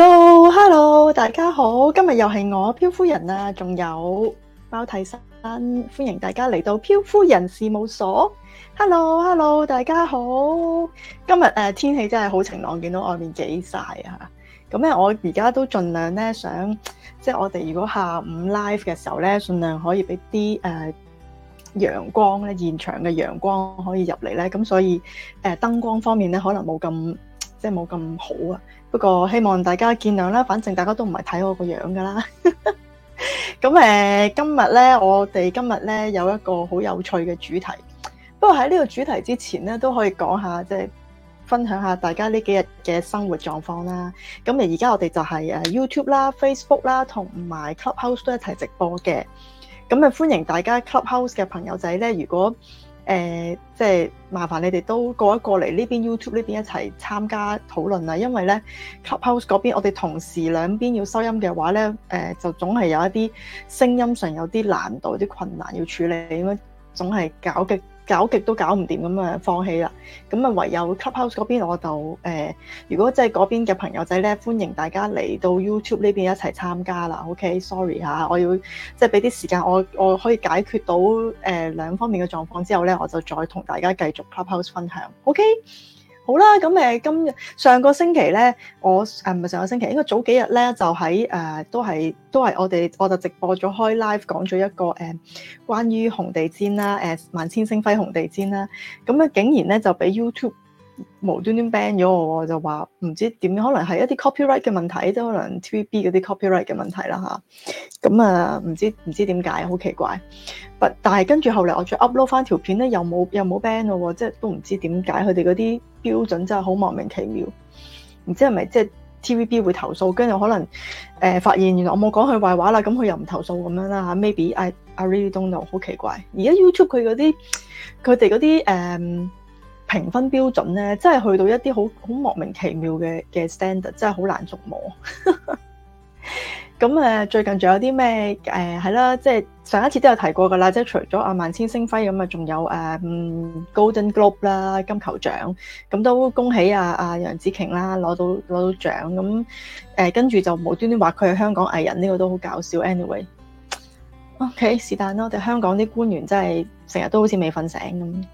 Hello，Hello，Hello, 大家好，今日又係我漂夫人啊，仲有包替山，歡迎大家嚟到漂夫人事務所。Hello，Hello，Hello, 大家好，今日誒天氣、呃、真係好晴朗，見到外面幾曬啊吓。咁、嗯、咧，我而家都盡量咧想，即係我哋如果下午 live 嘅時候咧，盡量可以俾啲誒陽光咧，現場嘅陽光可以入嚟咧。咁、嗯、所以誒燈、呃、光方面咧，可能冇咁即係冇咁好啊。不過希望大家見諒啦，反正大家都唔係睇我個樣噶啦。咁 誒、呃，今日咧，我哋今日咧有一個好有趣嘅主題。不過喺呢個主題之前咧，都可以講下，即係分享下大家呢幾日嘅生活狀況啦。咁而家我哋就係誒 YouTube 啦， Facebook 啦，同埋 Clubhouse 都一齊直播嘅。咁誒，歡迎大家 Clubhouse 嘅朋友仔咧，如果誒、即係、呃就是、麻煩你哋都過一過嚟呢邊 YouTube 呢邊一齊參加討論啦，因為呢 Clubhouse 嗰邊，我哋同時兩邊要收音嘅話呢，誒、呃、就總係有一啲聲音上有啲難度、啲困難要處理，咁樣總係搞極搞極都搞唔掂咁啊，放棄啦！咁啊，唯有 Clubhouse 嗰邊我就誒、呃，如果即係嗰邊嘅朋友仔咧，歡迎大家嚟到 YouTube 呢邊一齊參加啦。OK，sorry、okay? 吓、就是，我要即係俾啲時間我我可以解決到誒、呃、兩方面嘅狀況之後咧，我就再同大家繼續 Clubhouse 分享。OK。好啦，咁、嗯、誒，今日上個星期咧，我誒唔係上個星期，應該早幾日咧，就喺誒、呃、都係都係我哋我就直播咗開 live 講咗一個誒、呃、關於紅地氈啦，誒、呃、萬千星輝紅地氈啦，咁、啊、咧、嗯、竟然咧就俾 YouTube 無端端 ban 咗我就話唔知點可能係一啲 copyright 嘅問題，即係可能 TVB 嗰啲 copyright 嘅問題啦嚇，咁啊唔、嗯、知唔知點解好奇怪，但係跟住後嚟我再 upload 翻條片咧，又冇又冇 ban 咯喎，即係都唔知點解佢哋嗰啲。標準真係好莫名其妙，唔知係咪即係 TVB 會投訴，跟住可能誒、呃、發現原來我冇講佢壞話啦，咁佢又唔投訴咁樣啦。Maybe I I really don't know，好奇怪。而家 YouTube 佢嗰啲佢哋嗰啲誒評分標準咧，真係去到一啲好好莫名其妙嘅嘅 standard，真係好難捉摸。 咁誒最近仲有啲咩，誒係啦，即、嗯、係上一次都有提過㗎啦，即係除咗阿萬千星輝咁啊，仲有誒、嗯、Golden Globe 啦金球獎。咁都恭喜啊阿楊紫瓊啦攞到攞到獎，咁誒跟住就無端端話佢係香港藝人，呢、呢個都好搞笑。Anyway，OK、okay，是但咯，我哋香港啲官員真係成日都好似未瞓醒咁。嗯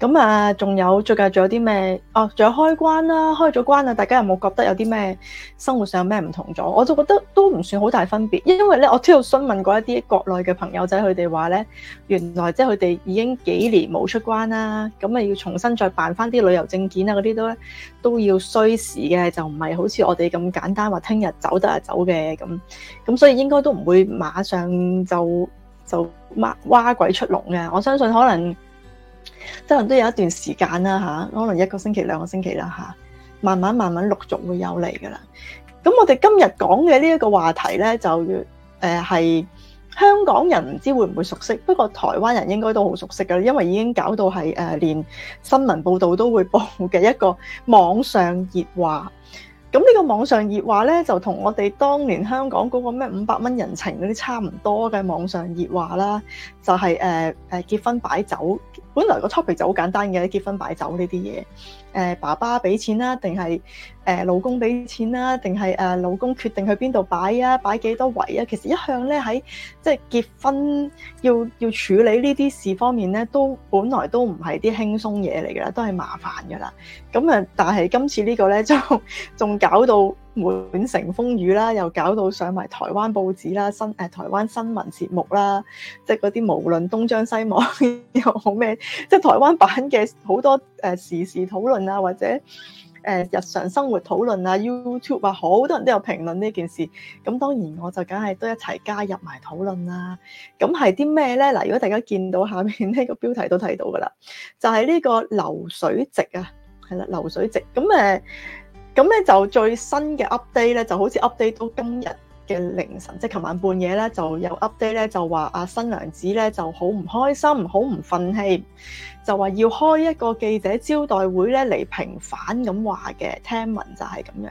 咁啊，仲有最近仲有啲咩？哦，仲有開關啦、啊，開咗關啦、啊，大家有冇覺得有啲咩生活上有咩唔同咗？我就覺得都唔算好大分別，因為咧，我都有詢問過一啲國內嘅朋友仔，佢哋話咧，原來即係佢哋已經幾年冇出關啦、啊，咁啊要重新再辦翻啲旅遊證件啊嗰啲都都要需時嘅，就唔係好似我哋咁簡單話聽日走得啊走嘅咁，咁所以應該都唔會馬上就就嘩鬼出籠嘅，我相信可能。可能都有一段時間啦，吓，可能一個星期，兩個星期啦，吓，慢慢，慢慢陸續會有嚟噶啦。咁我哋今日講嘅呢一個話題咧，就誒係香港人唔知會唔會熟悉，不過台灣人應該都好熟悉噶，因為已經搞到係誒連新聞報道都會報嘅一個網上熱話。咁呢個網上熱話咧，就同我哋當年香港嗰個咩五百蚊人情嗰啲差唔多嘅網上熱話啦。就係誒誒結婚擺酒，本來個 topic 就好簡單嘅，結婚擺酒呢啲嘢誒，爸爸俾錢啦、啊，定係誒老公俾錢啦、啊，定係誒老公決定去邊度擺啊，擺幾多圍啊。其實一向咧喺即係結婚要要處理呢啲事方面咧，都本來都唔係啲輕鬆嘢嚟㗎啦，都係麻煩㗎啦。咁啊，但係今次呢個咧，就仲搞到滿城風雨啦，又搞到上埋台灣報紙啦，新誒、啊、台灣新聞節目啦，即係嗰啲無論東張西望 又好咩，即係台灣版嘅好多誒時事討論啊，或者誒、啊、日常生活討論啊，YouTube 啊，好多人都有評論呢件事。咁當然我就梗係都一齊加入埋討論啦。咁係啲咩咧？嗱，如果大家見到下面呢個標題都睇到噶啦，就係、是、呢個流水席啊，係啦流水席咁誒。咁咧就最新嘅 update 咧，就好似 update 到今日嘅凌晨，即係琴晚半夜咧，就有 update 咧，就話啊新娘子咧就好唔開心，好唔忿氣，就話要開一個記者招待會咧嚟平反咁話嘅，聽聞就係咁樣，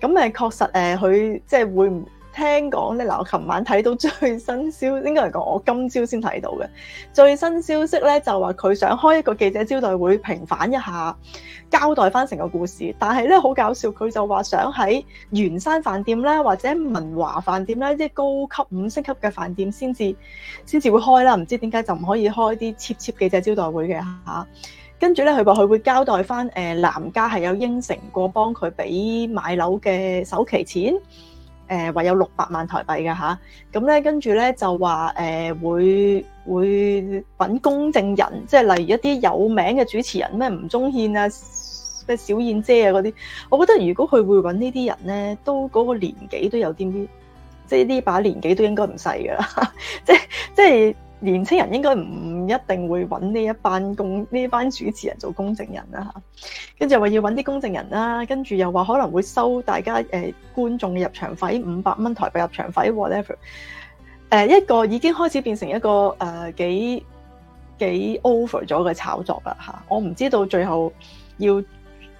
咁誒確實誒佢即係會唔？聽講咧，嗱，我琴晚睇到最新消息，應該嚟講，我今朝先睇到嘅最新消息咧，就話佢想開一個記者招待會，平反一下，交代翻成個故事。但係咧，好搞笑，佢就話想喺圓山飯店咧，或者文華飯店咧，即係高級五星級嘅飯店先至先至會開啦。唔知點解就唔可以開啲 cheap cheap 記者招待會嘅嚇。跟住咧，佢話佢會交代翻，誒，男家係有應承過幫佢俾買樓嘅首期錢。誒話、呃、有六百萬台幣嘅吓，咁咧，跟住咧就話誒、呃、會會揾公正人，即係例如一啲有名嘅主持人咩吳宗憲啊、咩小燕姐啊嗰啲，我覺得如果佢會揾呢啲人咧，都嗰個年紀都有啲啲，即係呢把年紀都應該唔細㗎啦，即即係。年青人應該唔一定會揾呢一班公呢班主持人做公證人啦嚇，跟住話要揾啲公證人啦，跟住又話可能會收大家誒、呃、觀眾嘅入場費五百蚊台幣入場費 whatever，誒、呃、一個已經開始變成一個誒、呃、幾幾 over 咗嘅炒作啦嚇、啊，我唔知道最後要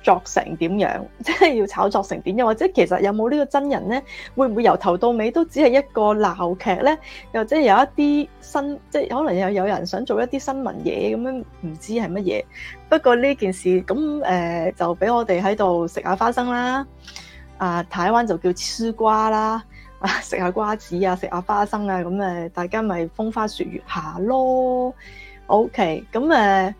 作成點樣？即 係要炒作成點樣，或者其實有冇呢個真人呢？會唔會由頭到尾都只係一個鬧劇呢？又或者有一啲新，即係可能又有人想做一啲新聞嘢咁樣，唔知係乜嘢。不過呢件事咁誒、呃，就俾我哋喺度食下花生啦。啊、呃，台灣就叫絲瓜啦，食、啊、下瓜子啊，食下花生啊，咁誒，大家咪風花雪月下咯。OK，咁誒。呃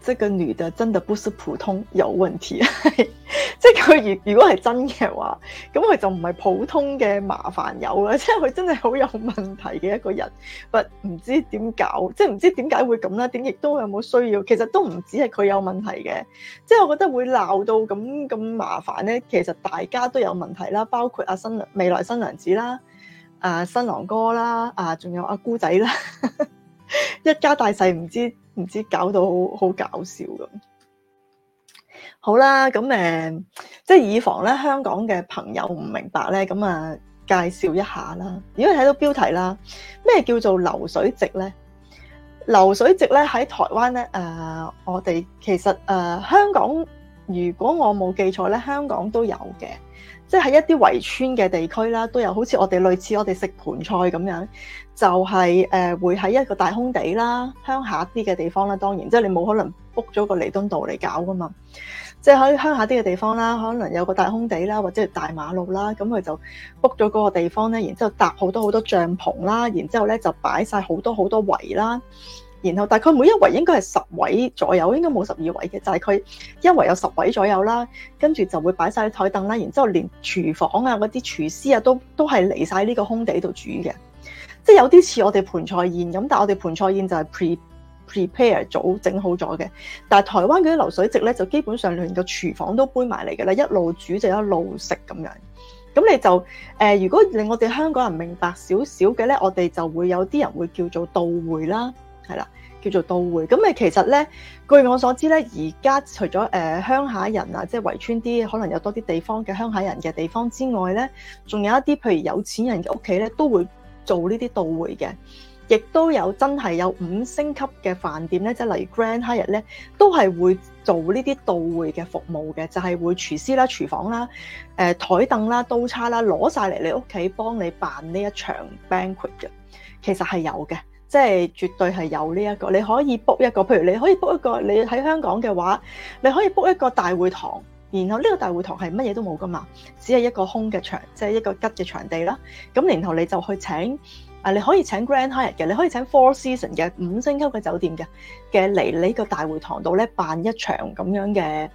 即個女的真的不是普通有問題， 即係佢如如果係真嘅話，咁佢就唔係普通嘅麻煩友啦，即係佢真係好有問題嘅一個人，不唔知點搞，即係唔知點解會咁啦，點亦都有冇需要，其實都唔止係佢有問題嘅，即係我覺得會鬧到咁咁麻煩咧，其實大家都有問題啦，包括阿、啊、新娘未來新娘子啦，啊新郎哥啦，啊仲有阿、啊、姑仔啦， 一家大細唔知。唔知搞到好好搞笑咁，好啦，咁誒，即係以防咧，香港嘅朋友唔明白咧，咁啊，介紹一下啦。如果你睇到標題啦，咩叫做流水席咧？流水席咧喺台灣咧，誒、呃，我哋其實誒、呃，香港如果我冇記錯咧，香港都有嘅。即係一啲圍村嘅地區啦，都有好似我哋類似我哋食盆菜咁樣，就係、是、誒、呃、會喺一個大空地啦，鄉下啲嘅地方啦，當然即係你冇可能 book 咗個彌敦道嚟搞㗎嘛，即係喺鄉下啲嘅地方啦，可能有個大空地啦，或者大馬路啦，咁佢就 book 咗嗰個地方咧，然之後搭好多好多帳篷啦，然之後咧就擺晒好多好多圍啦。然後大概每一圍應該係十位左右，應該冇十二位嘅，就係佢一圍有十位左右啦，跟住就會擺晒啲枱凳啦，然之後連廚房啊嗰啲廚師啊都都係嚟晒呢個空地度煮嘅，即係有啲似我哋盤菜宴咁，但係我哋盤菜宴就係 pre prepare 早整好咗嘅，但係台灣嗰啲流水席咧就基本上連個廚房都搬埋嚟嘅啦，一路煮就一路食咁樣。咁你就誒、呃，如果令我哋香港人明白少少嘅咧，我哋就會有啲人會叫做到會啦。係啦，叫做到會咁啊！其實咧，據我所知咧，而家除咗誒、呃、鄉下人啊，即係圍村啲可能有多啲地方嘅鄉下人嘅地方之外咧，仲有一啲譬如有錢人嘅屋企咧，都會做呢啲到會嘅，亦都有真係有五星級嘅飯店咧，即係例如 Grand Hyatt 咧，都係會做呢啲到會嘅服務嘅，就係、是、會廚師啦、廚房啦、誒、呃、台凳啦、刀叉啦攞晒嚟你屋企幫你辦呢一場 banquet 嘅，其實係有嘅。即係絕對係有呢、這、一個，你可以 book 一個，譬如你可以 book 一個，你喺香港嘅話，你可以 book 一個大會堂，然後呢個大會堂係乜嘢都冇㗎嘛，只係一個空嘅場，即係一個吉嘅場地啦。咁然後你就去請，啊你可以請 Grand Hyatt 嘅，你可以請 Four Season 嘅五星級嘅酒店嘅，嘅嚟呢個大會堂度咧辦一場咁樣嘅誒、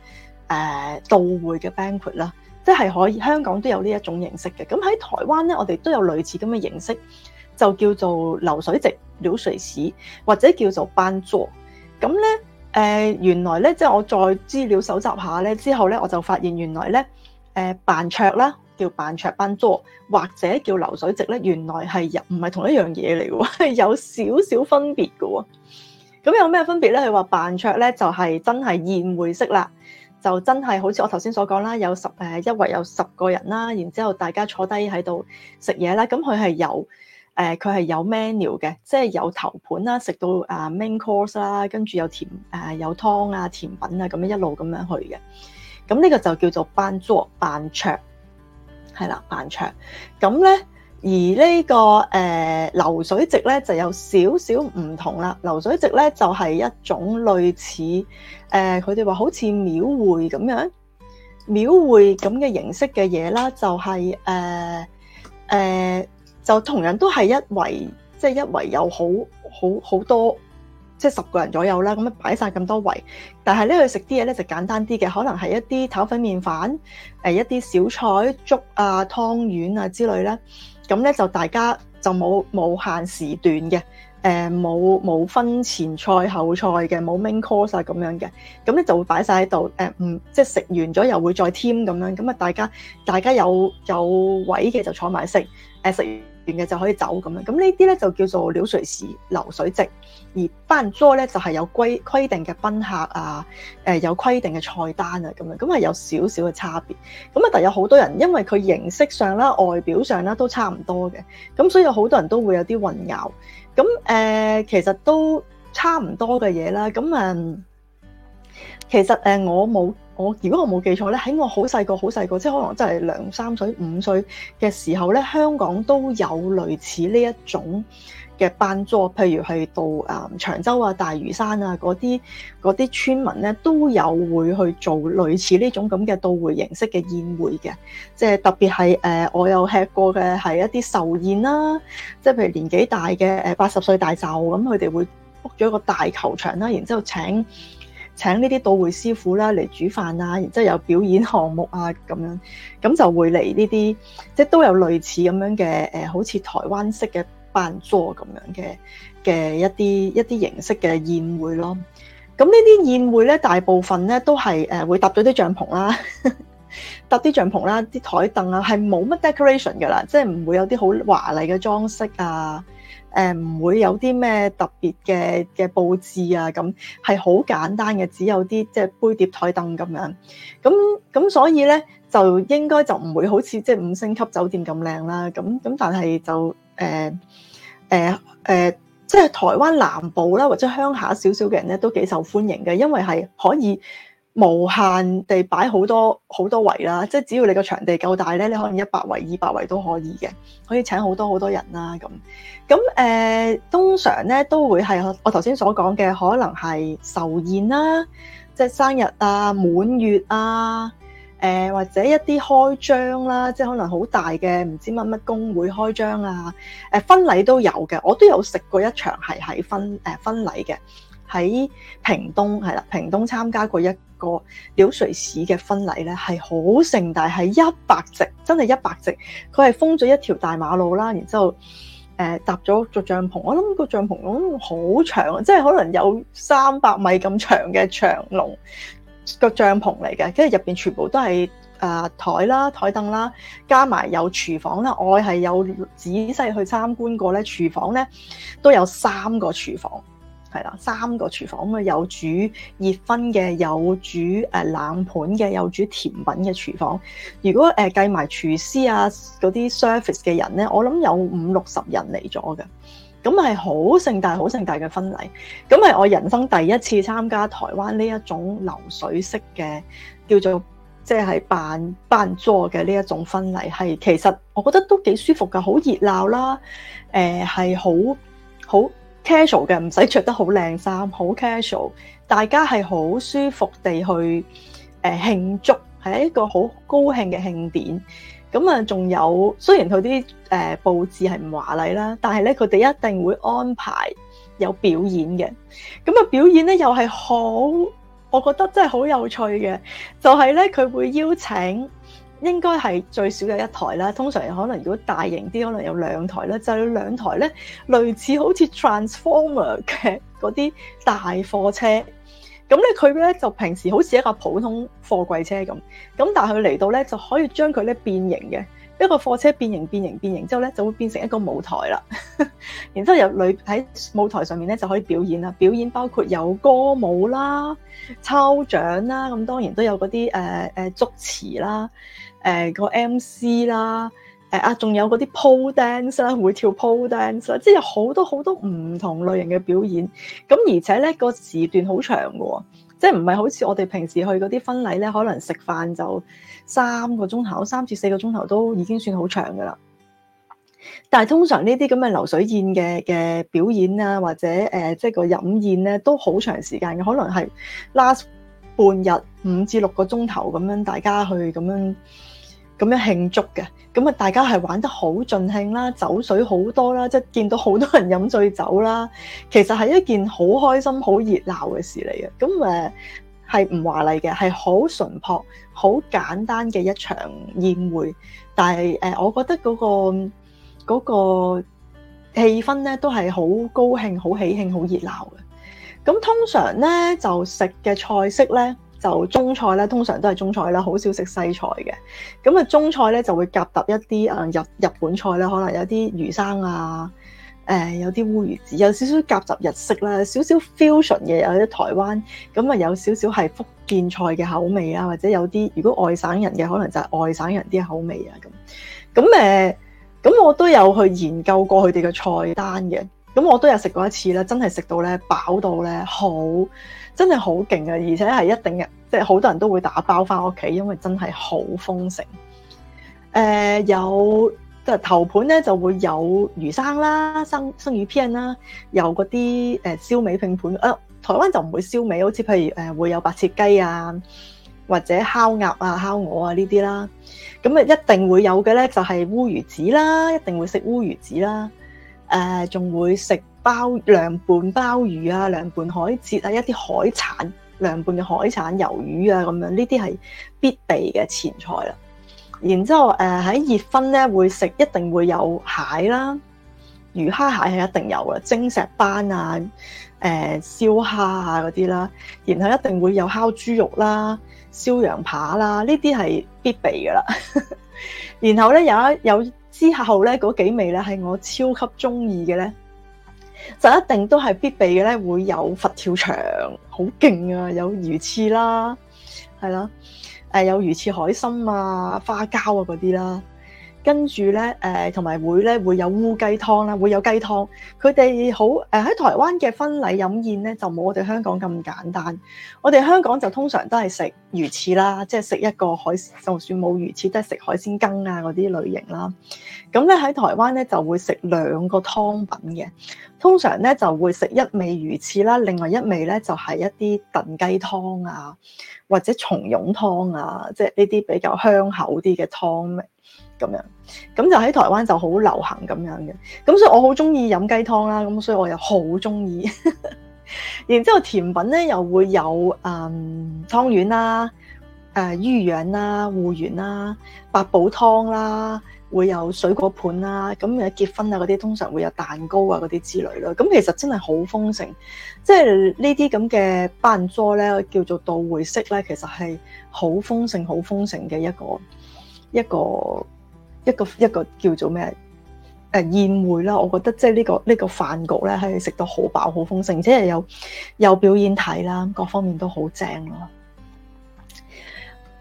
呃、到會嘅 banquet 啦，即係可以香港都有呢一種形式嘅。咁喺台灣咧，我哋都有類似咁嘅形式。就叫做流水席、流水市或者叫做辦桌，咁咧誒原來咧即係我再資料搜集下咧之後咧，我就發現原來咧誒辦桌啦叫辦桌辦桌，或者叫流水席咧，原來係入唔係同一樣嘢嚟嘅喎，係有少少分別嘅喎。咁有咩分別咧？佢話辦桌咧就係、是、真係宴會式啦，就真係好似我頭先所講啦，有十誒、呃、一圍有十個人啦，然之後大家坐低喺度食嘢啦，咁佢係有。誒佢係有 menu 嘅，即係有頭盤啦，食到啊 main course 啦，跟住有甜誒有湯啊，甜品啊咁樣一路咁樣去嘅。咁、這、呢個就叫做辦桌辦桌，係啦，辦桌、這個。咁咧而呢個誒流水席咧就有少少唔同啦。流水席咧就係、就是、一種類似誒佢哋話好似廟會咁樣廟會咁嘅形式嘅嘢啦，就係誒誒。呃呃就同樣都係一圍，即、就、係、是、一圍有好好好多，即係十個人左右啦。咁啊擺晒咁多圍，但係呢度食啲嘢咧就簡單啲嘅，可能係一啲炒粉麵飯，誒、呃、一啲小菜粥啊湯圓啊之類咧。咁、嗯、咧就大家就冇冇限時段嘅，誒冇冇分前菜後菜嘅，冇 main course 咁樣嘅。咁、嗯、咧就會擺晒喺度，誒、呃、唔即係食完咗又會再添咁樣。咁、嗯、啊大家大家有有位嘅就坐埋食，誒、呃、食完，嘅就可以走咁樣，咁呢啲咧就叫做流水式流水席，而辦桌咧就係、是、有規規定嘅賓客啊，誒、呃、有規定嘅菜單啊咁樣，咁係有少少嘅差別。咁啊，但有好多人因為佢形式上啦、外表上啦都差唔多嘅，咁所以好多人都會有啲混淆。咁誒、呃，其實都差唔多嘅嘢啦。咁嗯。其實誒，我冇我如果我冇記錯咧，喺我好細個好細個，即係可能真係兩三歲五歲嘅時候咧，香港都有類似呢一種嘅辦桌，譬如係到誒、嗯、長洲啊、大嶼山啊嗰啲嗰啲村民咧，都有會去做類似呢種咁嘅到會形式嘅宴會嘅，即係特別係誒、呃，我有吃過嘅係一啲壽宴啦、啊，即係譬如年紀大嘅誒八十歲大壽咁，佢哋會 book 咗一個大球場啦，然之後請。請呢啲到會師傅啦嚟煮飯啊，然之後有表演項目啊咁樣，咁就會嚟呢啲，即係都有類似咁樣嘅誒、呃，好似台灣式嘅辦桌咁樣嘅嘅一啲一啲形式嘅宴會咯。咁呢啲宴會咧，大部分咧都係誒、呃、會搭咗啲帳篷啦，搭啲帳篷啦，啲台凳啊，係冇乜 decoration 噶啦，即係唔會有啲好華麗嘅裝飾啊。誒唔、呃、會有啲咩特別嘅嘅佈置啊，咁係好簡單嘅，只有啲即係杯碟枱凳咁樣。咁咁所以咧，就應該就唔會好似即係五星級酒店咁靚啦。咁咁但係就誒誒誒，即係台灣南部啦，或者鄉下少少嘅人咧，都幾受歡迎嘅，因為係可以。無限地擺好多好多圍啦，即係只要你個場地夠大咧，你可能一百圍、二百圍都可以嘅，可以請好多好多人啦咁。咁誒、呃，通常咧都會係我頭先所講嘅，可能係壽宴啦、啊，即係生日啊、滿月啊，誒、呃、或者一啲開張啦、啊，即係可能好大嘅唔知乜乜公會開張啊，誒、呃、婚禮都有嘅，我都有食過一場係喺婚誒、呃、婚禮嘅。喺屏東係啦，屏東參加過一個流水席嘅婚禮咧，係好盛大，係一百席，真係一百席。佢係封咗一條大馬路啦，然之後誒、呃、搭咗個帳篷。我諗個帳篷好長啊，即係可能有三百米咁長嘅長龍，這個帳篷嚟嘅。跟住入邊全部都係誒台啦、台凳啦，加埋有廚房啦。我係有仔細去參觀過咧，廚房咧都有三個廚房。係啦，三個廚房啊，有煮熱葷嘅，有煮誒冷盤嘅，有煮甜品嘅廚房。如果誒計埋廚師啊嗰啲 service 嘅人咧，我諗有五六十人嚟咗嘅。咁係好盛大、好盛大嘅婚禮。咁係我人生第一次參加台灣呢一種流水式嘅叫做即係辦辦桌嘅呢一種婚禮。係其實我覺得都幾舒服噶，好熱鬧啦。誒係好好。casual 嘅，唔使着得好靚衫，好 casual，大家係好舒服地去誒、呃、慶祝，係一個好高興嘅慶典。咁、嗯、啊，仲有雖然佢啲誒佈置係唔華麗啦，但係咧佢哋一定會安排有表演嘅。咁、嗯、啊，表演咧又係好，我覺得真係好有趣嘅，就係咧佢會邀請。應該係最少有一台啦，通常可能如果大型啲，可能有兩台啦。就有兩台咧，類似好似 Transformer 嘅嗰啲大貨車，咁咧佢咧就平時好似一架普通貨櫃車咁，咁但係佢嚟到咧就可以將佢咧變形嘅。一個貨車變形、變形、變形之後咧，就會變成一個舞台啦。 然之後有女喺舞台上面咧就可以表演啦。表演包括有歌舞啦、抽獎啦，咁當然都有嗰啲誒誒祝詞啦、誒、呃、個 M C 啦、誒啊仲有嗰啲 pole dance 啦，會跳 pole dance 啦，即、就、係、是、有好多好多唔同類型嘅表演。咁而且咧個時段好長噶，哦。即係唔係好似我哋平時去嗰啲婚禮咧，可能食飯就三個鐘頭，三至四個鐘頭都已經算好長噶啦。但係通常呢啲咁嘅流水宴嘅嘅表演啊，或者誒，即係個飲宴咧，都好長時間嘅，可能係 last 半日五至六個鐘頭咁樣，大家去咁樣。咁樣慶祝嘅，咁啊大家係玩得好盡興啦，酒水好多啦，即係見到好多人飲醉酒啦。其實係一件好開心、好熱鬧嘅事嚟嘅。咁誒係唔華麗嘅，係好淳樸、好簡單嘅一場宴會。但係誒，我覺得嗰個嗰個氣氛咧都係好高興、好喜慶、好熱鬧嘅。咁通常咧就食嘅菜式咧，就中菜咧，通常都係中菜啦，好少食西菜嘅。咁啊，中菜咧就會夾雜一啲誒日日本菜啦，可能有啲魚生啊，誒、呃、有啲烏魚子，有少少夾雜日式啦，少少 fusion 嘢，有啲台灣咁啊，有少少係福建菜嘅口味啊，或者有啲如果外省人嘅，可能就係外省人啲口味啊咁。咁誒，咁我都有去研究過佢哋嘅菜單嘅。咁我都有食過一次咧，真係食到咧飽到咧，好～真係好勁啊！而且係一定嘅，即係好多人都會打包翻屋企，因為真係好豐盛。誒、呃、有即係頭盤咧，就會有魚生啦、生生魚片啦，有嗰啲誒燒味拼盤。誒、呃、台灣就唔會燒味，好似譬如誒、呃、會有白切雞啊，或者烤鴨啊、烤鵝啊呢啲、啊、啦。咁啊，一定會有嘅咧，就係、是、烏魚子啦，一定會食烏魚子啦。誒、呃、仲會食。包涼拌鮑魚啊，涼拌海蜇啊，一啲海產涼拌嘅海產魷魚啊，咁樣呢啲係必備嘅前菜啦。然之後誒喺、呃、熱婚咧，會食一定會有蟹啦、魚蝦蟹係一定有嘅，蒸石斑啊、誒燒蝦啊嗰啲啦。然後一定會有烤豬肉啦、燒羊排啦，呢啲係必備嘅啦。 然後咧有一有之後咧嗰幾味咧係我超級中意嘅咧。就一定都係必備嘅咧，會有佛跳牆，好勁啊，有魚翅啦，係啦，誒，有魚翅海參啊，花膠啊嗰啲啦。跟住咧，誒同埋會咧會有烏雞湯啦，會有雞湯。佢哋好誒喺台灣嘅婚禮飲宴咧，就冇我哋香港咁簡單。我哋香港就通常都係食魚翅啦，即係食一個海，就算冇魚翅都係食海鮮羹啊嗰啲類型啦。咁咧喺台灣咧就會食兩個湯品嘅，通常咧就會食一味魚翅啦，另外一味咧就係一啲燉雞湯啊，或者松茸湯啊，即係呢啲比較香口啲嘅湯味。咁樣，咁就喺台灣就好流行咁樣嘅，咁所以我好中意飲雞湯啦，咁所以我又好中意。 然之後甜品咧又會有誒湯圓啦、誒滋養啦、芋圓啦、八寶湯啦，會有水果盤啦，咁啊結婚啊嗰啲通常會有蛋糕啊嗰啲之類啦，咁其實真係好豐盛，即係呢啲咁嘅辦桌咧叫做到會式咧，其實係好豐盛、好豐盛嘅一個一個。一個一個一個叫做咩誒、呃、宴會啦，我覺得即係、這個這個、呢個呢個飯局咧，喺食到好飽好豐盛，而且有有表演睇啦，各方面都好正、啊。咯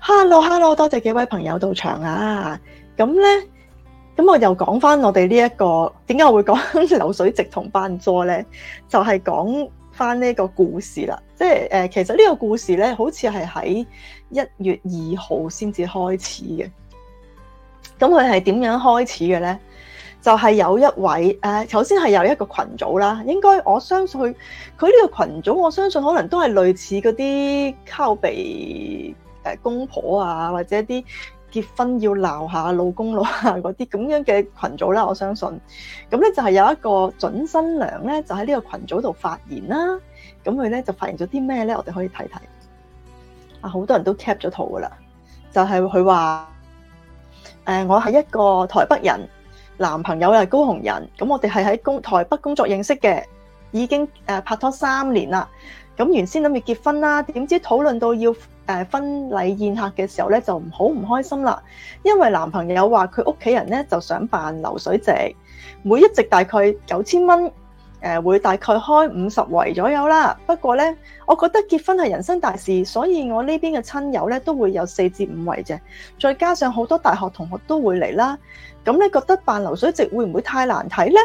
hello。Hello，Hello，多謝幾位朋友到場啊！咁、啊、咧，咁我又講翻我哋呢一個點解我會講流水席同辦桌咧？就係講翻呢個故事啦。即係誒，其實呢個故事咧，好似係喺一月二號先至開始嘅。咁佢係點樣開始嘅咧？就係、是、有一位誒、呃，首先係有一個群組啦。應該我相信佢，佢呢個群組、啊、群組，我相信可能都係類似嗰啲靠鼻誒公婆啊，或者啲結婚要鬧下老公佬啊嗰啲咁樣嘅群組啦。我相信。咁咧就係有一個準新娘咧，就喺呢個群組度發言啦。咁佢咧就發言咗啲咩咧？我哋可以睇睇。啊，好多人都 cap 咗圖噶啦，就係佢話。誒，我係一個台北人，男朋友又係高雄人，咁我哋係喺工台北工作認識嘅，已經誒拍拖三年啦。咁原先諗住結婚啦，點知討論到要誒婚禮宴客嘅時候咧，就唔好唔開心啦。因為男朋友話佢屋企人咧就想辦流水席，每一席大概九千蚊。誒會大概開五十圍左右啦，不過咧，我覺得結婚係人生大事，所以我呢邊嘅親友咧都會有四至五圍啫，再加上好多大學同學都會嚟啦。咁你覺得辦流水席會唔會太難睇呢？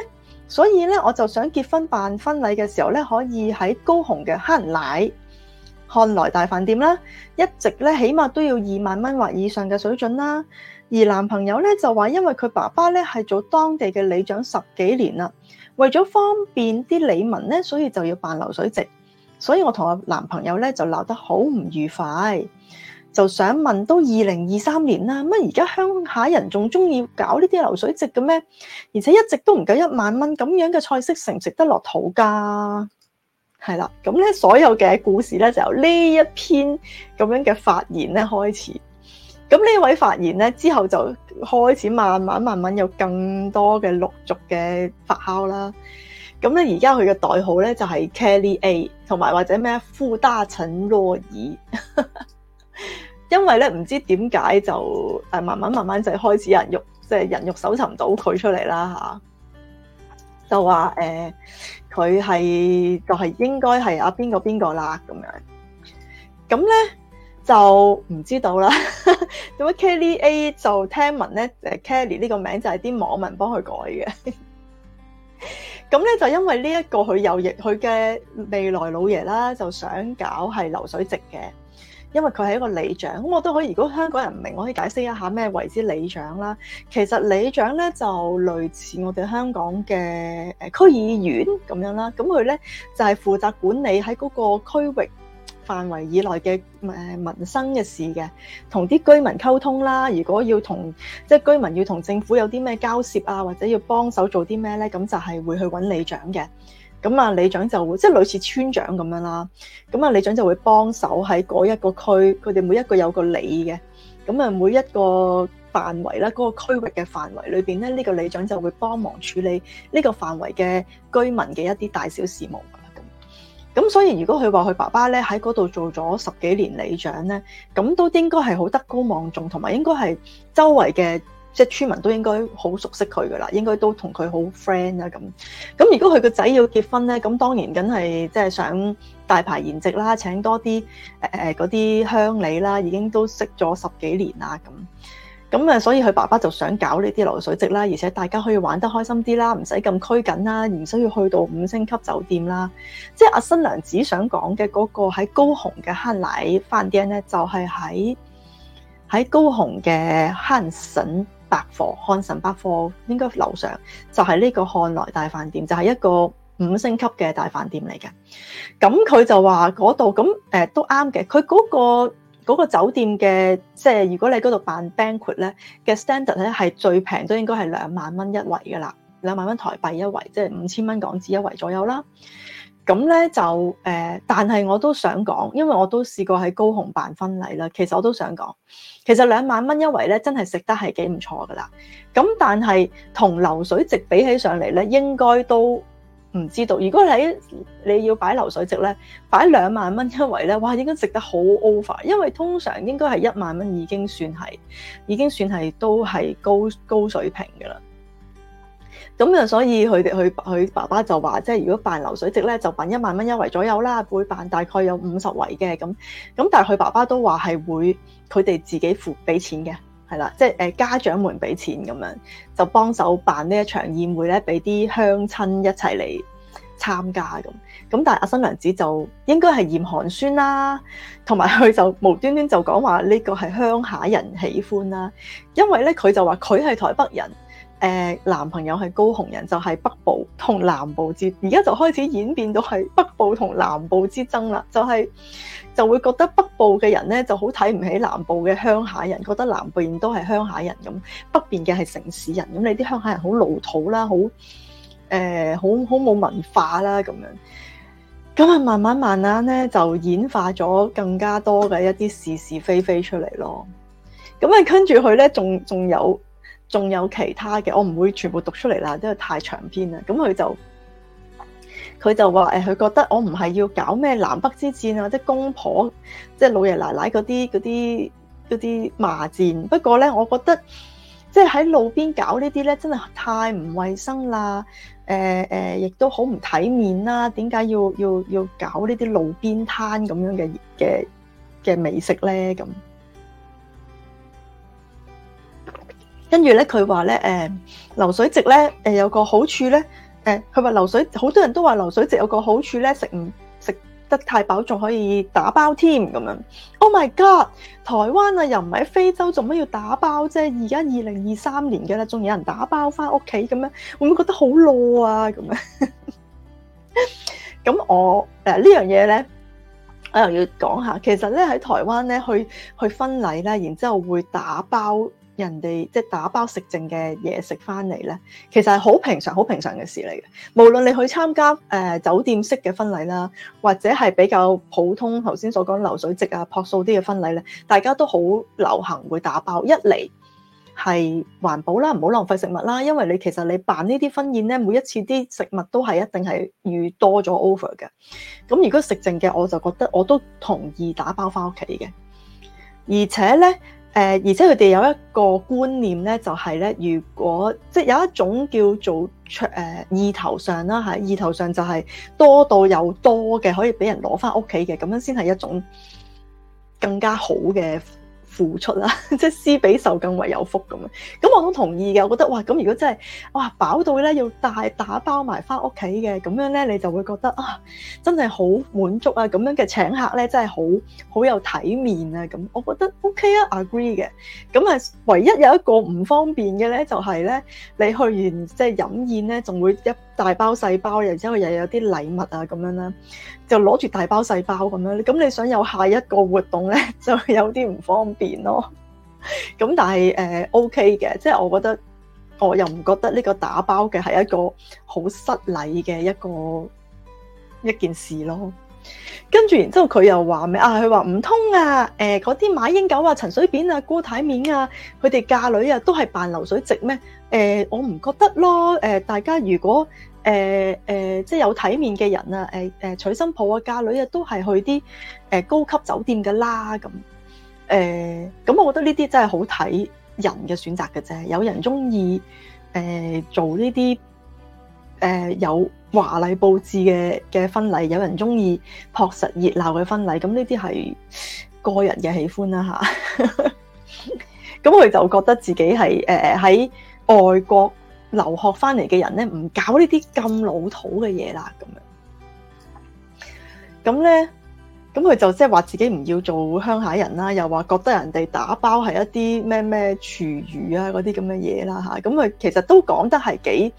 所以咧我就想結婚辦婚禮嘅時候咧，可以喺高雄嘅黑人奶漢來大飯店啦，一席咧起碼都要二萬蚊或以上嘅水準啦。而男朋友咧就話，因為佢爸爸咧係做當地嘅里長十幾年啦。為咗方便啲里民咧，所以就要辦流水席，所以我同我男朋友咧就鬧得好唔愉快，就想問，都二零二三年啦，乜而家鄉下人仲中意搞呢啲流水席嘅咩？而且一直都唔夠一萬蚊，咁樣嘅菜式食唔食得落肚噶？係啦，咁咧所有嘅故事咧就由呢一篇咁樣嘅發言咧開始。咁呢位發言咧，之後就開始慢慢慢慢有更多嘅陸續嘅發酵啦。咁咧，而家佢嘅代號咧就係、是、Kelly A，同埋或者咩輔大陳若儀。 因為咧，唔知點解就誒慢慢慢慢就開始人肉，即、就、係、是、人肉搜尋到佢出嚟啦。吓、呃，就話誒佢係就係應該係阿邊個邊個啦咁樣。咁咧就唔知道啦。 咁啊，Kelly A 就聽聞咧，誒，Kelly 呢個名就係啲網民幫佢改嘅。咁 咧就因為呢一個佢又亦佢嘅未來老爺啦，就想搞係流水席嘅。因為佢係一個里長，咁我都可以。如果香港人唔明，我可以解釋一下咩為之里長啦。其實里長咧就類似我哋香港嘅誒區議員咁樣啦。咁佢咧就係負責管理喺嗰個區域。範圍以內嘅誒民生嘅事嘅，同啲居民溝通啦。如果要同即係居民要同政府有啲咩交涉啊，或者要幫手做啲咩咧，咁就係會去揾里長嘅。咁啊，里長就會即係類似村長咁樣啦。咁啊，里長就會幫手喺嗰一個區，佢哋每一個有一個里嘅。咁啊，每一個範圍啦，嗰、那個區域嘅範圍裏邊咧，呢、這個里長就會幫忙處理呢個範圍嘅居民嘅一啲大小事務。咁所以如果佢話佢爸爸咧喺嗰度做咗十幾年里長咧，咁都應該係好德高望重，同埋應該係周圍嘅即係村民都應該好熟悉佢噶啦，應該都同佢好 friend 啦咁。咁如果佢個仔要結婚咧，咁當然梗係即係想大排筵席啦，請多啲誒誒嗰啲鄉里啦，已經都識咗十幾年啦咁。咁誒、嗯，所以佢爸爸就想搞呢啲流水席啦，而且大家可以玩得開心啲啦，唔使咁拘謹啦，唔需要去到五星級酒店啦。即係阿新娘子想講嘅嗰個喺高雄嘅漢來飯店咧，就係喺喺高雄嘅漢神百貨，漢神百貨應該樓上就係、是、呢個漢來大飯店，就係、是、一個五星級嘅大飯店嚟嘅。咁、嗯、佢就話嗰度咁誒都啱嘅，佢嗰、那個。嗰個酒店嘅，即係如果你嗰度辦 banquet 咧嘅 standard 咧係最平都應該係兩萬蚊一圍嘅啦，兩萬蚊台幣一圍，即係五千蚊港紙一圍左右啦。咁咧就誒、呃，但係我都想講，因為我都試過喺高雄辦婚禮啦。其實我都想講，其實兩萬蚊一圍咧，真係食得係幾唔錯嘅啦。咁但係同流水席比起上嚟咧，應該都。唔知道，如果喺你要擺流水席咧，擺兩萬蚊一圍咧，哇，應該值得好 over，因為通常應該係一萬蚊已經算係已經算係都係高高水平嘅啦。咁啊，所以佢哋佢佢爸爸就話，即係如果辦流水席咧，就辦一萬蚊一圍左右啦，會辦大概有五十圍嘅咁咁，但係佢爸爸都話係會佢哋自己付俾錢嘅。係啦，即係誒家長們俾錢咁樣，就幫手辦呢一場宴會咧，俾啲鄉親一齊嚟參加咁。咁但係阿新娘子就應該係嫌寒酸啦，同埋佢就無端端就講話呢個係鄉下人喜歡啦，因為咧佢就話佢係台北人，誒、呃、男朋友係高雄人，就係、係、北部同南部之，而家就開始演變到係北部同南部之爭啦，就係、係。就會覺得北部嘅人咧就好睇唔起南部嘅鄉下人，覺得南部都係鄉下人咁，北邊嘅係城市人咁。你啲鄉下人好老土啦，好誒，好好冇文化啦咁樣。咁啊，慢慢慢咧就演化咗更加多嘅一啲是是非非出嚟咯。咁啊跟住佢咧，仲仲有仲有其他嘅，我唔會全部讀出嚟啦，因為太長篇啦。咁佢就。佢就話：誒，佢覺得我唔係要搞咩南北之戰啊，或者公婆、即係老爺奶奶嗰啲、嗰啲、嗰啲罵戰。不過咧，我覺得即係喺路邊搞呢啲咧，真係太唔衛生啦！誒誒，亦都好唔體面啦。點解要要要搞呢啲路邊攤咁樣嘅嘅嘅美食咧？咁跟住咧，佢話咧，誒流水席咧，誒有個好處咧。誒，佢話、哎、流水好多人都話流水席有個好處咧，食唔食得太飽，仲可以打包添咁樣。Oh my god！台灣啊，又唔喺非洲，做乜要打包啫？而家二零二三年嘅啦，仲有人打包翻屋企咁樣，會唔會覺得好 low 啊咁樣？咁 我誒、啊，這個、呢樣嘢咧，我又要講下。其實咧喺台灣咧，去去婚禮咧，然之後會打包。人哋即係打包食剩嘅嘢食翻嚟咧，其實係好平常、好平常嘅事嚟嘅。無論你去參加誒、呃、酒店式嘅婚禮啦，或者係比較普通頭先所講流水席啊、樸素啲嘅婚禮咧，大家都好流行會打包。一嚟係環保啦，唔好浪費食物啦。因為你其實你辦呢啲婚宴咧，每一次啲食物都係一定係預多咗 over 嘅。咁如果食剩嘅，我就覺得我都同意打包翻屋企嘅，而且咧。誒，而且佢哋有一個觀念咧，就係咧，如果即係有一種叫做誒意頭上啦嚇，意頭上就係多到有多嘅，可以俾人攞返屋企嘅，咁樣先係一種更加好嘅付出啦，即係施比受更為有福咁樣，咁我都同意嘅，我覺得哇，咁如果真係哇飽到咧要帶打包埋翻屋企嘅，咁樣咧你就會覺得啊，真係好滿足啊！咁樣嘅請客咧真係好好有體面啊！咁我覺得 OK 啊，I agree 嘅。咁啊，唯一有一個唔方便嘅咧就係咧，你去完即係飲宴咧，仲會一大包細包，然之後又有啲禮物啊咁樣啦，就攞住大包細包咁樣，咁你想有下一個活動咧，就有啲唔方便。咯，咁但係誒，O K 嘅，即係我覺得我又唔覺得呢個打包嘅係一個好失禮嘅一個一件事咯。跟住然之後佢又話咩啊？佢話唔通啊？誒、呃，嗰啲馬英九啊、陳水扁啊、郭台銘啊，佢哋嫁女啊都係辦流水席咩？誒、呃，我唔覺得咯。誒、呃，大家如果誒誒、呃呃，即係有體面嘅人啊，誒、呃、誒，娶新抱啊、嫁女啊，都係去啲誒高級酒店噶啦咁。誒咁，呃、我覺得呢啲真係好睇人嘅選擇嘅啫。有人中意誒做呢啲誒有華麗佈置嘅嘅婚禮，有人中意樸實熱鬧嘅婚禮。咁呢啲係個人嘅喜歡啦吓，咁 佢、呃、就覺得自己係誒喺外國留學翻嚟嘅人咧，唔搞呢啲咁老土嘅嘢啦。咁樣咁咧。咁佢就即係話自己唔要做鄉下人啦，又話覺得人哋打包係一啲咩咩廚餘啊嗰啲咁嘅嘢啦吓，咁佢、啊、其實都講得係幾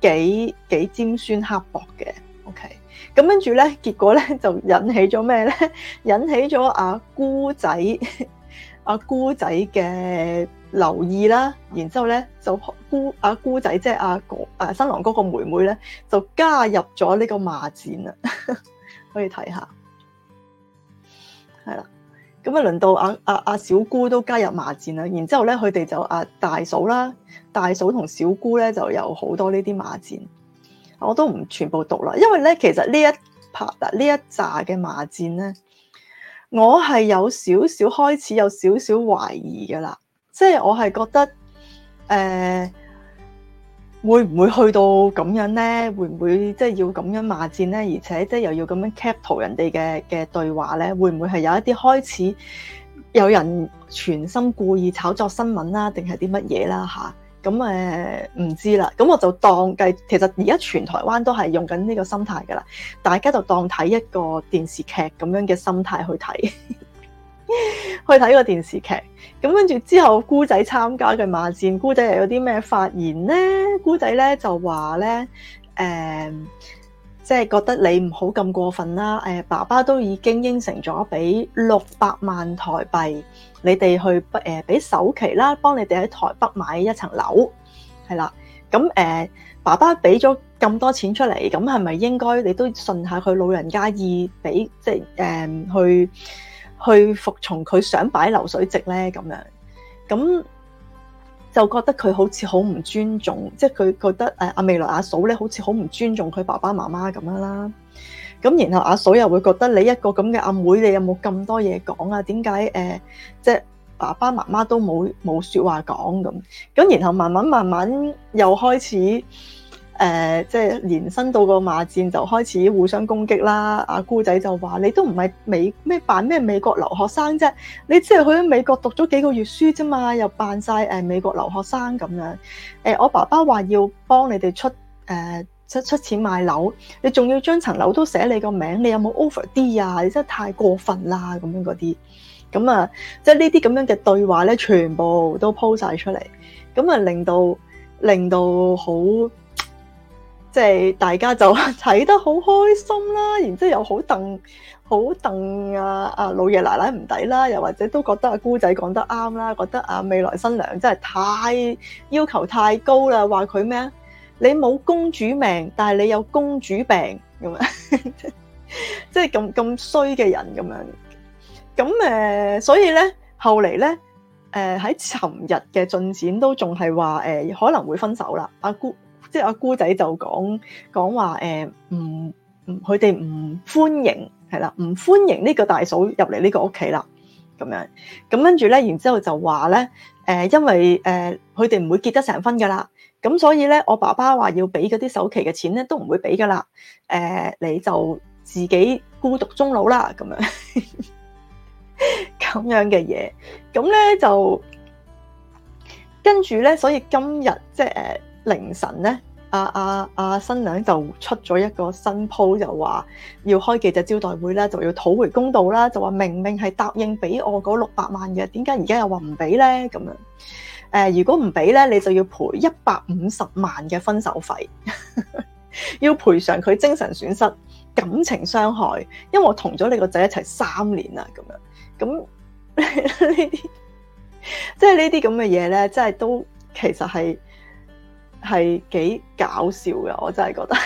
幾幾尖酸刻薄嘅。OK，咁跟住咧，結果咧就引起咗咩咧？引起咗阿姑仔阿姑、啊、仔嘅留意啦，然之後咧就姑阿姑仔即係阿哥誒新郎哥個妹妹咧，就加入咗呢個罵戰啦，可以睇下。係啦，咁啊輪到阿阿阿小姑都加入罵戰啦，然之後咧佢哋就阿、啊、大嫂啦，大嫂同小姑咧就有好多呢啲罵戰，我都唔全部讀啦，因為咧其實一一呢一拍嗱呢一紮嘅罵戰咧，我係有少少開始有少少懷疑噶啦，即係我係覺得誒。呃會唔會去到咁樣呢？會唔會即係要咁樣罵戰呢？而且即係又要咁樣 capture 人哋嘅嘅對話呢？會唔會係有一啲開始有人全心故意炒作新聞啦？定係啲乜嘢啦？吓、啊？咁誒唔知啦。咁、嗯、我就當計，其實而家全台灣都係用緊呢個心態噶啦，大家就當睇一個電視劇咁樣嘅心態去睇。 去睇個電視劇，咁跟住之後姑仔參加嘅罵戰，姑仔又有啲咩發言呢？姑仔咧，就話咧，誒、呃，即、就、係、是、覺得你唔好咁過分啦。誒、呃，爸爸都已經應承咗俾六百萬台幣，你哋去北誒俾首期啦，幫你哋喺台北買一層樓，係啦。咁、嗯、誒、呃，爸爸俾咗咁多錢出嚟，咁係咪應該你都順下佢老人家意，俾即係誒、呃、去？去服從佢想擺流水席咧，咁樣咁就覺得佢好似好唔尊重，即係佢覺得誒，阿、啊、未來阿、啊、嫂咧，好似好唔尊重佢爸爸媽媽咁樣啦。咁然後阿、啊、嫂又會覺得你一個咁嘅阿妹，你有冇咁多嘢講啊？點解誒，即係爸爸媽媽都冇冇說話講咁？咁然後慢慢慢慢又開始。誒、呃，即係延伸到個罵戰就開始互相攻擊啦。阿姑仔就話：你都唔係美咩扮咩美國留學生啫，你即係去咗美國讀咗幾個月書啫嘛，又扮晒誒、呃、美國留學生咁樣。誒、呃，我爸爸話要幫你哋出誒、呃、出出錢買樓，你仲要將層樓都寫你個名，你有冇 over 啲啊？你真係太過分啦！咁樣嗰啲咁啊，即係呢啲咁樣嘅對話咧，全部都 po 晒出嚟，咁啊，令到令到好。即係大家就睇得好開心啦，然之後又好戥好戥啊。阿老爺奶奶唔抵啦，又或者都覺得阿姑仔講得啱啦，覺得阿、啊、未來新娘真係太要求太高啦，話佢咩啊？你冇公主命，但係你有公主病咁樣！即係咁咁衰嘅人咁樣。咁誒，所以咧後嚟咧誒喺尋日嘅進展都仲係話誒可能會分手啦，阿、啊、姑。即係阿姑仔就講講話誒，唔唔，佢哋唔歡迎係啦，唔歡迎呢個大嫂入嚟呢個屋企啦，咁樣咁跟住咧，然之後,後就話咧，誒、呃，因為誒，佢哋唔會結得成婚噶啦，咁所以咧，我爸爸話要俾嗰啲首期嘅錢咧，都唔會俾噶啦，誒、呃，你就自己孤獨終老啦，咁樣咁樣嘅嘢，咁咧就跟住咧，所以今日即係誒凌晨咧。阿阿阿新娘就出咗一個新 p 就話要開記者招待會啦，就要討回公道啦，就話明明係答應俾我嗰六百萬嘅，點解而家又話唔俾咧？咁樣誒、呃，如果唔俾咧，你就要賠一百五十萬嘅分手費， 要賠償佢精神損失、感情傷害，因為我同咗你個仔一齊三年啦，咁樣咁呢啲，即係呢啲咁嘅嘢咧，即係、 就是、都其實係。係幾搞笑嘅，我真係覺得。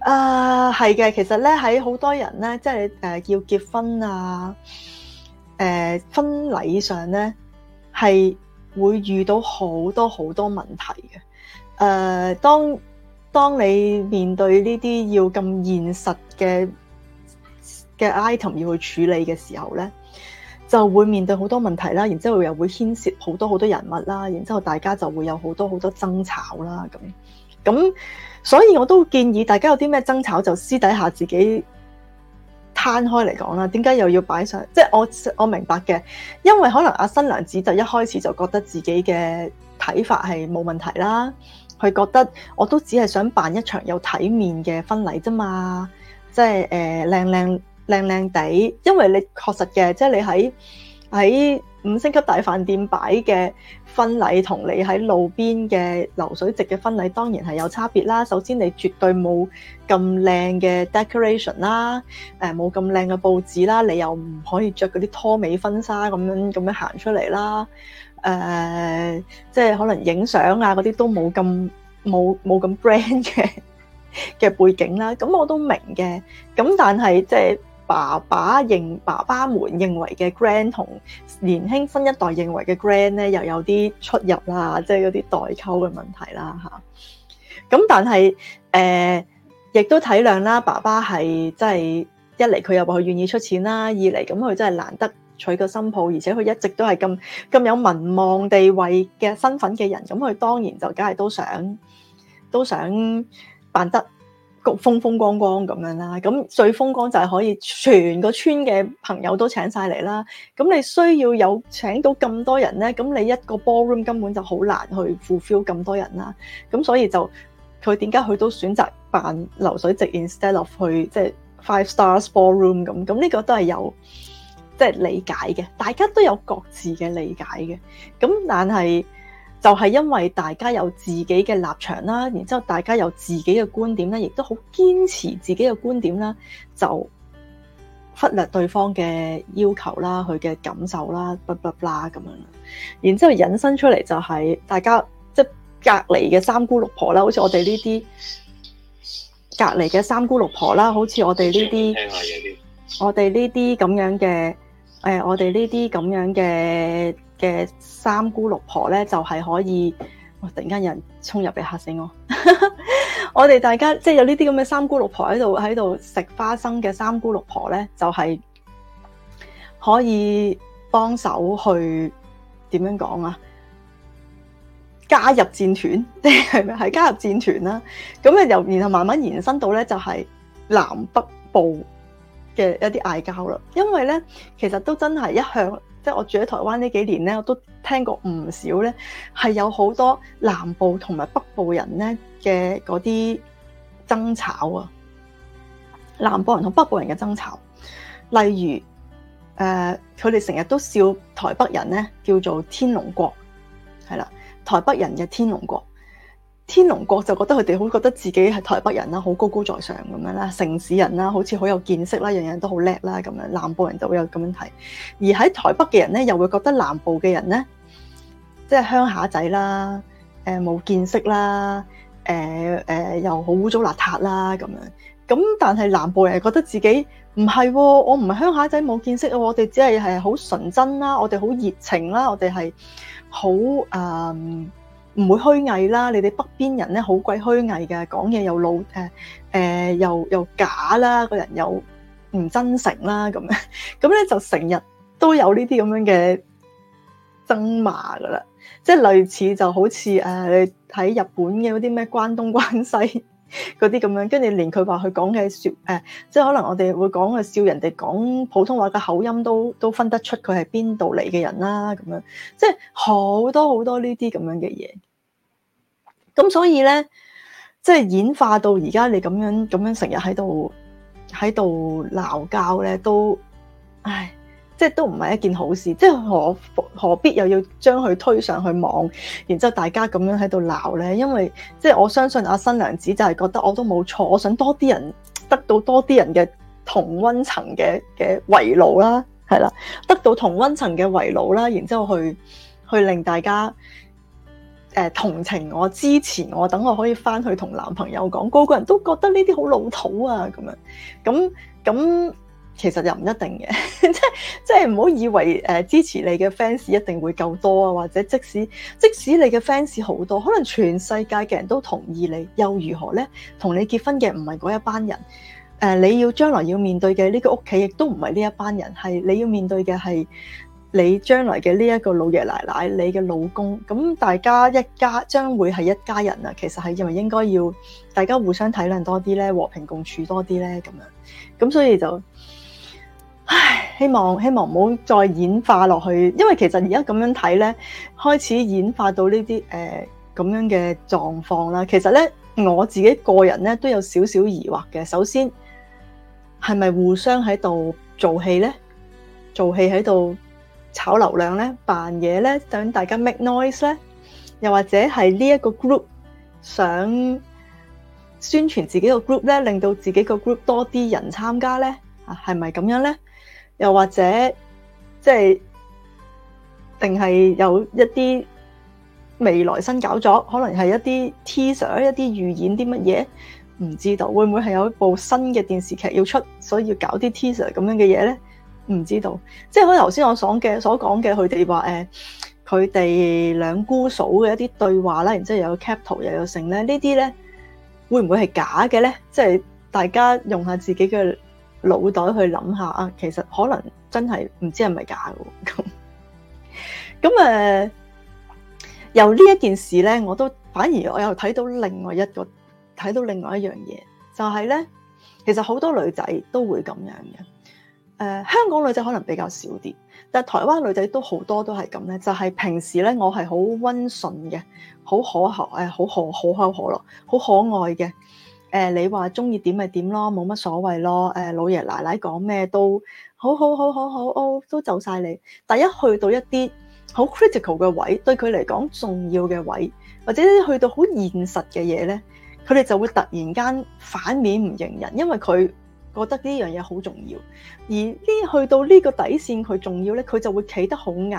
啊，係嘅，其實咧喺好多人咧，即係誒、呃、要結婚啊，誒、呃、婚禮上咧係會遇到好多好多問題嘅。誒、uh，當當你面對呢啲要咁現實嘅嘅 item 要去處理嘅時候咧。就會面對好多問題啦，然之後又會牽涉好多好多人物啦，然之後大家就會有好多好多爭吵啦，咁咁，所以我都建議大家有啲咩爭吵就私底下自己攤開嚟講啦。點解又要擺上？即係我我明白嘅，因為可能阿新娘子就一開始就覺得自己嘅睇法係冇問題啦，佢覺得我都只係想辦一場有體面嘅婚禮啫嘛，即係誒靚靚。呃靚靚地，因為你確實嘅，即係你喺喺五星級大飯店擺嘅婚禮，同你喺路邊嘅流水席嘅婚禮，當然係有差別啦。首先你絕對冇咁靚嘅 decoration 啦，誒冇咁靚嘅佈置啦，你又唔可以著嗰啲拖尾婚紗咁樣咁樣行出嚟啦，誒即係可能影相啊嗰啲都冇咁冇冇咁 brand 嘅嘅背景啦。咁我都明嘅，咁但係即係。爸爸認爸爸們認為嘅 grand 同年輕新一代認為嘅 grand 咧，又有啲出入啦，即係嗰啲代溝嘅問題啦嚇。咁、啊、但係誒、呃，亦都體諒啦。爸爸係即係一嚟佢又話佢願意出錢啦，二嚟咁佢真係難得娶個新抱，而且佢一直都係咁咁有民望地位嘅身份嘅人，咁、嗯、佢當然就梗係都想都想辦得。個風風光光咁樣啦，咁最風光就係可以全個村嘅朋友都請晒嚟啦。咁你需要有請到咁多人咧，咁你一個 ballroom 根本就好難去 fulfill 咁多人啦。咁所以就佢點解佢都選擇辦流水席 instead of 去即係 five stars ballroom 咁？咁呢個都係有即係、就是、理解嘅，大家都有各自嘅理解嘅。咁但係。就係因為大家有自己嘅立場啦，然之後大家有自己嘅觀點啦，亦都好堅持自己嘅觀點啦，就忽略對方嘅要求啦、佢嘅感受啦，卜卜啦咁樣。然之後引申出嚟就係大家即係隔離嘅三姑六婆啦，好似我哋呢啲隔離嘅三姑六婆啦，好似我哋呢啲，我哋呢啲咁樣嘅，誒，我哋呢啲咁樣嘅。嘅三姑六婆咧，就係可以，哇，突然間有人衝入嚟嚇死我！ 我哋大家即係有呢啲咁嘅三姑六婆喺度，喺度食花生嘅三姑六婆咧，就係可以幫手去點樣講啊？加入戰團，定係咪係加入戰團啦？咁啊，由然後慢慢延伸到咧，就係南北部嘅一啲嗌交啦。因為咧，其實都真係一向。即係我住喺台灣呢幾年咧，我都聽過唔少咧，係有好多南部同埋北部人咧嘅嗰啲爭吵啊。南部人同北部人嘅爭吵，例如誒，佢哋成日都笑台北人咧叫做天龍國，係啦，台北人嘅天龍國。天龍國就覺得佢哋好覺得自己係台北人啦，好高高在上咁樣啦，城市人啦，好似好有見識啦，樣樣都好叻啦咁樣。南部人就會有咁樣睇。而喺台北嘅人咧，又會覺得南部嘅人咧，即係鄉下仔啦，誒、呃、冇見識啦，誒、呃、誒、呃、又好污糟邋遢啦咁樣。咁但係南部人覺得自己唔係、哦，我唔係鄉下仔冇見識啊，我哋只係係好純真啦，我哋好熱情啦，我哋係好誒。Um, 唔會虛偽啦，你哋北邊人咧好鬼虛偽嘅，講嘢又老誒誒、呃，又又假啦，個人又唔真誠啦咁樣，咁咧就成日都有呢啲咁樣嘅爭罵噶啦，即係類似就好似、呃、你睇日本嘅嗰啲咩關東關西。嗰啲咁樣，跟住連佢話佢講嘅笑，誒、呃，即係可能我哋會講嘅笑，人哋講普通話嘅口音都都分得出佢係邊度嚟嘅人啦、啊，咁樣，即係好多好多呢啲咁樣嘅嘢。咁所以咧，即係演化到而家你咁樣咁樣成日喺度喺度鬧交咧，都，唉。即係都唔係一件好事，即係何何必又要將佢推上去網，然之後大家咁樣喺度鬧呢？因為即係我相信阿新娘子就係覺得我都冇錯，我想多啲人得到多啲人嘅同溫層嘅嘅慰勞啦，係啦，得到同溫層嘅慰勞啦，然之後去去令大家誒、呃、同情我、支持我，等我可以翻去同男朋友講，個個人都覺得呢啲好老土啊咁樣，咁咁。其實又唔一定嘅， 即即係唔好以為誒、呃、支持你嘅 fans 一定會夠多啊，或者即使即使你嘅 fans 好多，可能全世界嘅人都同意你，又如何呢？同你結婚嘅唔係嗰一班人，誒、呃、你要將來要面對嘅呢個屋企亦都唔係呢一班人，係你要面對嘅係你將來嘅呢一個老爺奶奶、你嘅老公，咁大家一家將會係一家人啊！其實係因為應該要大家互相體諒多啲咧，和平共處多啲咧，咁樣咁所以就。唉，希望希望唔好再演化落去，因為其實而家咁樣睇咧，開始演化到呢啲誒咁樣嘅狀況啦。其實咧，我自己個人咧都有少少疑惑嘅。首先係咪互相喺度做戲咧？做戲喺度炒流量咧？扮嘢咧？等大家 make noise 咧？又或者係呢一個 group 想宣傳自己個 group 咧，令到自己個 group 多啲人參加咧？啊，係咪咁樣咧？又或者，即係，定係有一啲未來新搞作，可能係一啲 teaser 一啲預演啲乜嘢，唔知道會唔會係有一部新嘅電視劇要出，所以要搞啲 teaser 咁樣嘅嘢咧，唔知道。即係好似頭先我講嘅所講嘅，佢哋話誒，佢哋兩姑嫂嘅一啲對話啦，然之後又有 capital，又有成咧，呢啲咧會唔會係假嘅咧？即係大家用下自己嘅。腦袋去諗下啊，其實可能真係唔知係咪假嘅喎。咁咁誒，由呢一件事咧，我都反而我又睇到另外一個，睇到另外一樣嘢，就係咧，其實好多女仔都會咁樣嘅。誒，香港女仔可能比較少啲，但台灣女仔都好多都係咁咧。就係平時咧，我係好溫順嘅，好可可誒，好可可口可樂，好可愛嘅。誒、呃，你話中意點咪點咯，冇乜所謂咯。誒、呃，老爺奶奶講咩都好好好好好，都就晒你。第一去到一啲好 critical 嘅位，對佢嚟講重要嘅位，或者去到好現實嘅嘢咧，佢哋就會突然間反面唔認人，因為佢覺得呢樣嘢好重要。而呢去到呢個底線，佢重要咧，佢就會企得好硬，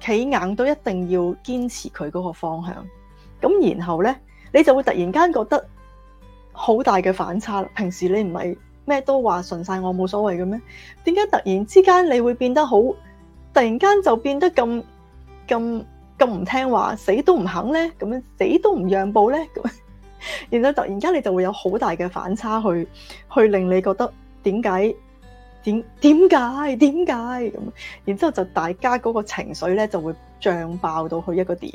企硬到一定要堅持佢嗰個方向。咁然後咧，你就會突然間覺得，好大嘅反差，平時你唔係咩都話順晒我冇所謂嘅咩？點解突然之間你會變得好突然間就變得咁咁咁唔聽話，死都唔肯呢？咁樣死都唔讓步呢？咁，然之後突然間你就會有好大嘅反差去，去去令你覺得點解點點解點解咁？然之後就大家嗰個情緒咧就會脹爆到去一個點，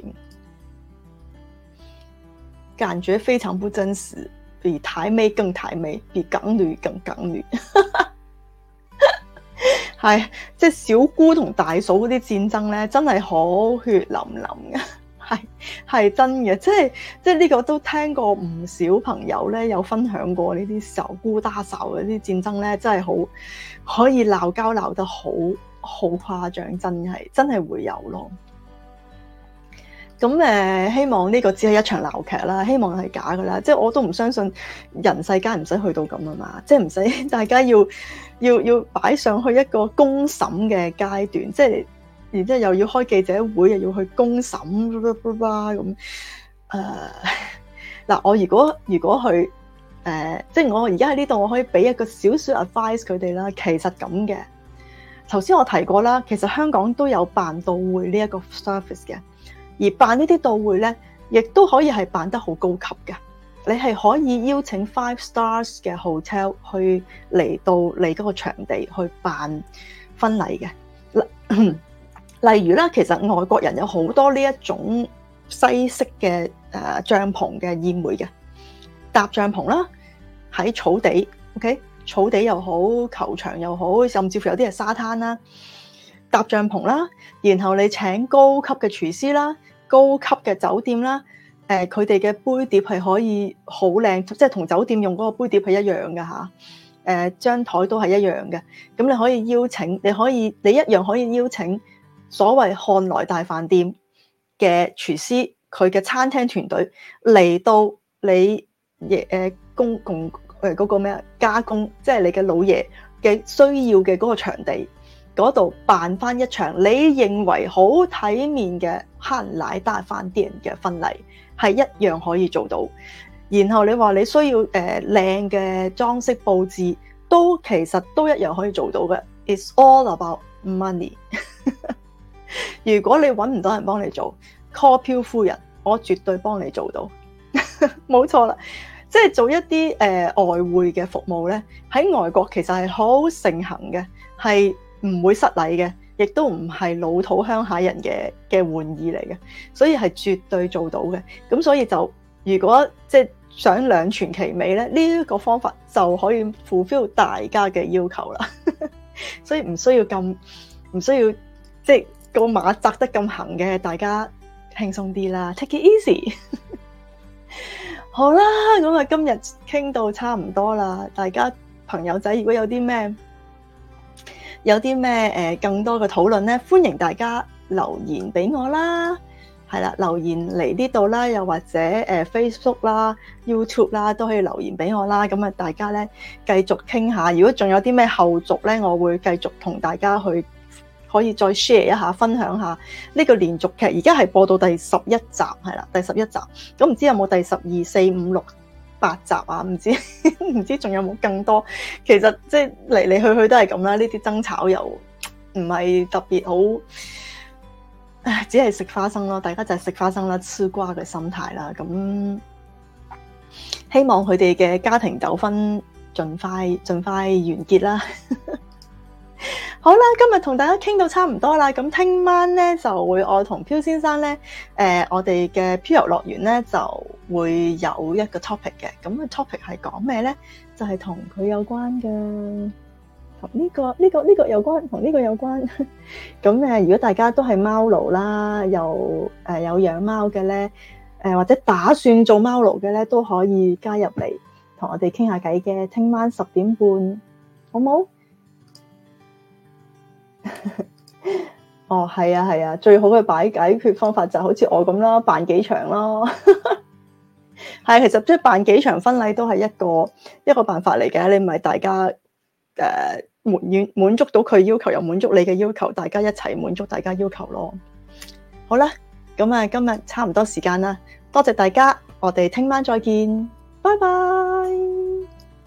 感覺非常不真實。比太尾更太尾，比梗女更梗女，係即係小姑同大嫂嗰啲戰爭咧，真係好血淋淋嘅。係係真嘅，即係即係呢個都聽過唔少朋友咧有分享過呢啲仇姑打嫂嗰啲戰爭咧，真係好可以鬧交鬧得好好誇張，真係真係會有咯。咁誒，希望呢個只係一場鬧劇啦。希望係假噶啦，即係我都唔相信人世間唔使去到咁啊嘛，即係唔使大家要要要擺上去一個公審嘅階段，即係然之後又要開記者會，又要去公審，咁誒嗱。我如果如果去誒、呃，即係我而家喺呢度，我可以俾一個少少 advice 佢哋啦。其實咁嘅頭先我提過啦，其實香港都有辦到會呢一個 service 嘅。而辦呢啲到會咧，亦都可以係辦得好高級嘅。你係可以邀請 Five Stars 嘅 hotel 去嚟到你嗰個場地去辦婚禮嘅。 例如啦，其實外國人有好多呢一種西式嘅誒帳篷嘅宴會嘅，搭帳篷啦，喺草地，OK，草地又好，球場又好，甚至乎有啲係沙灘啦。搭帳篷啦，然後你請高級嘅廚師啦，高級嘅酒店啦，誒佢哋嘅杯碟係可以好靚，即係同酒店用嗰個杯碟係一樣嘅吓，誒張枱都係一樣嘅，咁你可以邀請，你可以你一樣可以邀請所謂漢來大飯店嘅廚師，佢嘅餐廳團隊嚟到你嘅、呃、公共誒嗰個咩加工，即係你嘅老爺嘅需要嘅嗰個場地。嗰度辦翻一場你認為好體面嘅漢來大飯店嘅婚禮係一樣可以做到。然後你話你需要誒靚嘅裝飾佈置，都其實都一樣可以做到嘅。It's all about money。 如果你揾唔到人幫你做，Call 漂夫人，我絕對幫你做到。冇錯啦，即係做一啲誒、呃、外匯嘅服務呢，喺外國其實係好盛行嘅，係。唔會失禮嘅，亦都唔係老土鄉下人嘅嘅玩意嚟嘅，所以係絕對做到嘅。咁所以就如果即係想兩全其美咧，呢一個方法就可以 fulfill 大家嘅要求啦。 所以唔需要咁，唔需要即係個馬紮得咁行嘅，大家輕鬆啲啦，take it easy。 好啦，咁啊今日傾到差唔多啦，大家朋友仔如果有啲咩？有啲咩誒更多嘅討論咧，歡迎大家留言俾我啦，係啦，留言嚟呢度啦，又或者誒 Facebook 啦、YouTube 啦都可以留言俾我啦。咁啊，大家咧繼續傾下，如果仲有啲咩後續咧，我會繼續同大家去可以再 share 一下，分享下呢個連續劇。而家係播到第十一集，係啦，第十一集。咁唔知有冇第十二、四、五、六？八集啊，唔知唔 知仲有冇更多？其實即係嚟嚟去去都係咁啦，呢啲爭吵又唔係特別好，唉只係食花生咯，大家就係食花生啦，黐瓜嘅心態啦。咁希望佢哋嘅家庭糾紛盡快盡快完結啦。 好啦，今日同大家傾到差唔多啦，咁聽晚咧就會我同漂先生咧，誒、呃、我哋嘅漂遊樂園咧就會有一個 topic 嘅，咁個 topic 係講咩咧？就係同佢有關嘅，同呢、呢個呢、呢個呢、呢個有關，同呢個有關。咁 誒、呃，如果大家都係貓奴啦，又誒、呃、有養貓嘅咧，誒、呃、或者打算做貓奴嘅咧，都可以加入嚟同我哋傾下偈嘅。聽晚十點半，好冇？ 哦，係啊，係啊，啊，最好嘅擺解決方法就好似我咁啦，辦幾場咯。係， 啊，其實即係辦幾場婚禮都係一個一個辦法嚟嘅。你咪大家誒滿滿足到佢要求，又滿足你嘅要求，大家一齊滿足大家要求咯。好啦，咁啊，今日差唔多時間啦，多謝大家，我哋聽晚再見，拜拜。